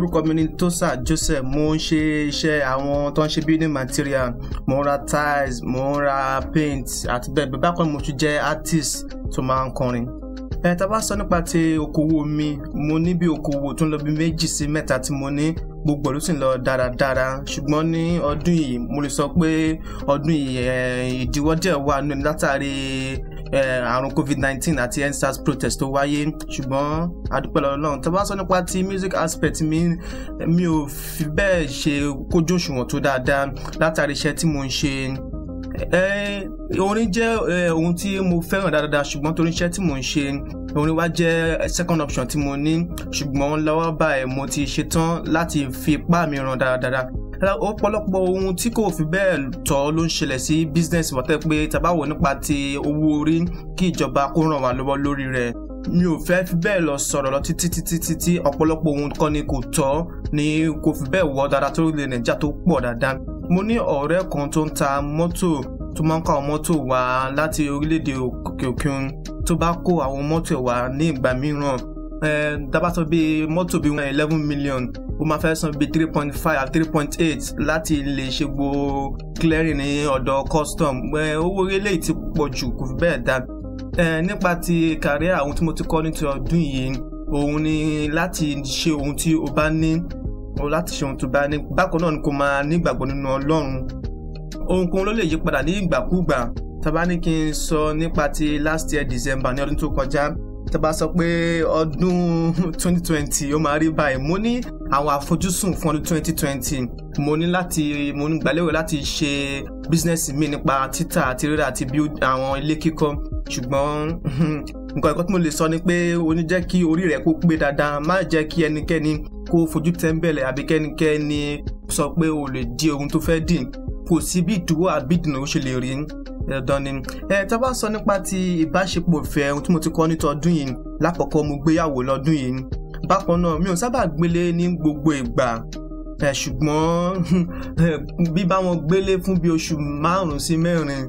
orúkọ mi ni Tosa Joseph mo ń ṣe iṣẹ́ àwọn tó ń ṣe building material mo ń ra tiles mo ń ra paint àti bẹ́ẹ̀ bẹ́ẹ̀ bákan mo tún jẹ́ artist tó máa ń kọrin. ẹ a bá sọ nípa ti okòwò mi mo ní bí okòwò tó ń lọ bí méjì sí mẹ́ta tí mo ní gbogbo ló sì ń lọ dáradára ṣùgbọ́n ní ọdún yìí mo lè sọ pé ọdún yìí ìdíwọ́ díẹ̀ wà nínú látàrí Eh, àrùn covid-19 àti endsars protest tó wáyé ṣùgbọ́n adúpẹ́ lọ́wọ́ Ọlọ́run tó bá sọ nípa ti music aspect mi mi ò fi bẹ́ẹ̀ ṣe kójú òṣùwọ̀n tó dáadáa látàrí iṣẹ́ tí mo ń ṣe eh, orin jẹ́ eh, ohun tí mo fẹ́ràn dáadáa ṣùgbọ́n torí iṣẹ́ tí mo ń ṣe orin wa jẹ́ second option tí mo ní ṣùgbọ́n lọ́wọ́ báyìí mo ti ṣetán láti fi ipá mi ràn dáadáa ọ̀pọ̀lọpọ̀ ohun tí kò fi bẹ́ẹ̀ tọ́ ló ń ṣẹlẹ̀ sí business wọ́tẹ́ pé tabawo nípa ti owó orí kí ìjọba kó ràn wá lọ́wọ́ lórí rẹ̀ mi ò fẹ́ fi bẹ́ẹ̀ lọ sọ̀rọ̀ lọ títí títí títí ọ̀pọ̀lọpọ̀ ohun kan ni kò tọ́ ni kò fi bẹ́ẹ̀ wọ́ dáadáa tó lè nàìjíríà tó pọ̀ dáadáa mo ní ọ̀rẹ́ kan tó ń ta mọ́tò tó máa ń kó àwọn mọ́tò wá láti orílẹ̀-èdè òkè òkun tó bá kó àwọn mọ́tò wá ní ìgbà mìíràn dábàtọ̀ bíi mọ́tò bíi one eleven million ó máa fẹ́ san bíi three point five àti three point eight láti lè ṣe gbogbo clearing ní ọ̀dọ̀ custom owó orílẹ̀ yìí ti pọ̀ jù kò fi bẹ́ẹ̀ dá nípa ti career àwọn tí mo ti kọ́ ní ti ọdún yìí òun ni láti ṣe ohun tí o bá ní o láti ṣe ohun tó bá ní bákan náà ni kò máa nígbàgbọ́ nínú Ọlọ́run ohunkóhun ló lè yí padà ní ìgbàkúgbà tá bá ní kí n sọ nípa ti last year December ní ọdún tó kọjá tó bá sọ pé ọdún 2020 ó máa rí báyìí mo ní àwọn àfojúsùn fún ọdún 2020 mo ní láti mo ní gbàlérò láti ṣe bísínẹ́sì mi nípa títà àti rírà àti bí àwọn ilé kíkọ́ ṣùgbọ́n nǹkan ẹ̀kọ́ tí mo lè sọ ni pé o ní jẹ́ kí orí rẹ̀ kó pé dáadáa má jẹ́ kí ẹnikẹ́ni kó fojú tẹ́ńbẹ̀lẹ̀ àbí kẹ́nikẹ́ni sọ pé o lè di ohun tó fẹ́ dì kò sí bí ìdúró àbí ìdènà ó ṣe lè rí dandan ni ẹ tá a bá sọ nípa ti ìbáṣepọ̀ ìfẹ́ ohun tí mo ti kọ́ ní tọdún yìí lákọ̀ọ́kọ́ mo gbéyàwó lọ́dún yìí bákan náà mi ò sábà gbélé ní gbogbo ìgbà ṣùgbọ́n bí bá wọn gbélé fún bí oṣù márùn-ún sí mẹ́rin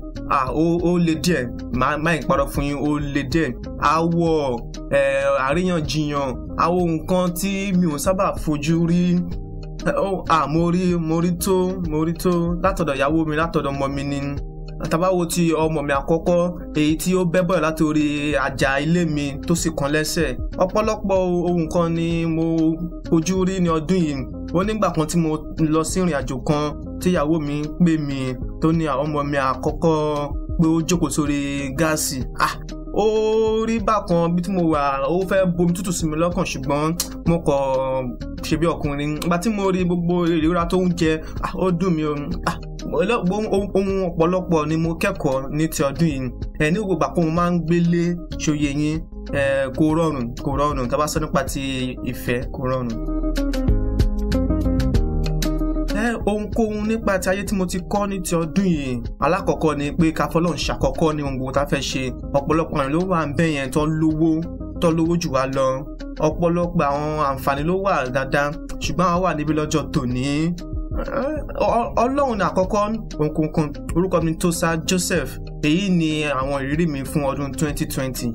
ó le díẹ̀ máa ìparọ́ fún yín ó le díẹ̀ àwọ̀ àríyànjiyàn àwọn nǹkan tí mi ò sábà fojú rí mo rí tó mo rí tó látọ̀dọ̀ ìyàwó mi látọ̀dọ̀ ọmọ mi ni tàbá wo ti ọmọ mi àkọ́kọ́ èyí tí ó bẹ́ bọ̀ láti orí àjà ilé mi tó sì kan lẹ́sẹ̀ ọ̀pọ̀lọpọ̀ ohun kan ni mo ojú rí ní ọdún yìí ó nígbà kan tí mo lọ sí ìrìn àjò kan tíyàwó mi pè mí tó ní ọmọ mi àkọ́kọ́ pé ó jókòó sórí gáàsì ó rí bákan bí tí mo wà ó fẹ́ bomi tútù sí mi lọ́kàn ṣùgbọ́n mo kọ̀ ṣe bí ọkùnrin nígbà tí mo rí gbogbo ìrora tó ń jẹ ó dùn mí ohun ọ̀pọ̀lọpọ̀ ni mo kẹ́kọ̀ọ́ ní ti ọdún yìí ẹ ní gbogbo àkóhun máa ń gbélé ṣòye yín kò rọrùn kò rọrùn tá a bá sọ nípa ti ìfẹ́ kò rọrùn ohunkóhun nípa ti ayé tí mo ti kọ́ ní ti ọdún yìí alákọ̀ọ́kọ́ ni pé káfọ́lọ́ ń ṣàkọ́kọ́ ní ohun gbogbo tá a fẹ́ ṣe ọ̀pọ̀lọpọ̀ àrùn ló wà ń bẹ̀ yẹn tó lówó tó lówó jù wá lọ ọ̀pọ̀lọpọ̀ àwọn àǹfààní ló wà dáadáa ṣùgbọ́n àwọn wà níbi lọ́jọ́ tòní ọlọ́run ní àkọ́kọ́ orúkọ mi tó sá Joseph èyí ni àwọn ìrírí mi fún ọdún twenty.